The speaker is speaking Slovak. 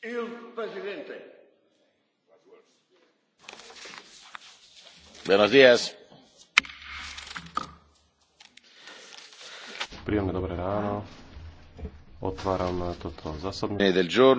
Il presidente. Buenos días. Príjemné dobré ráno. Otváram toto zasadnutie.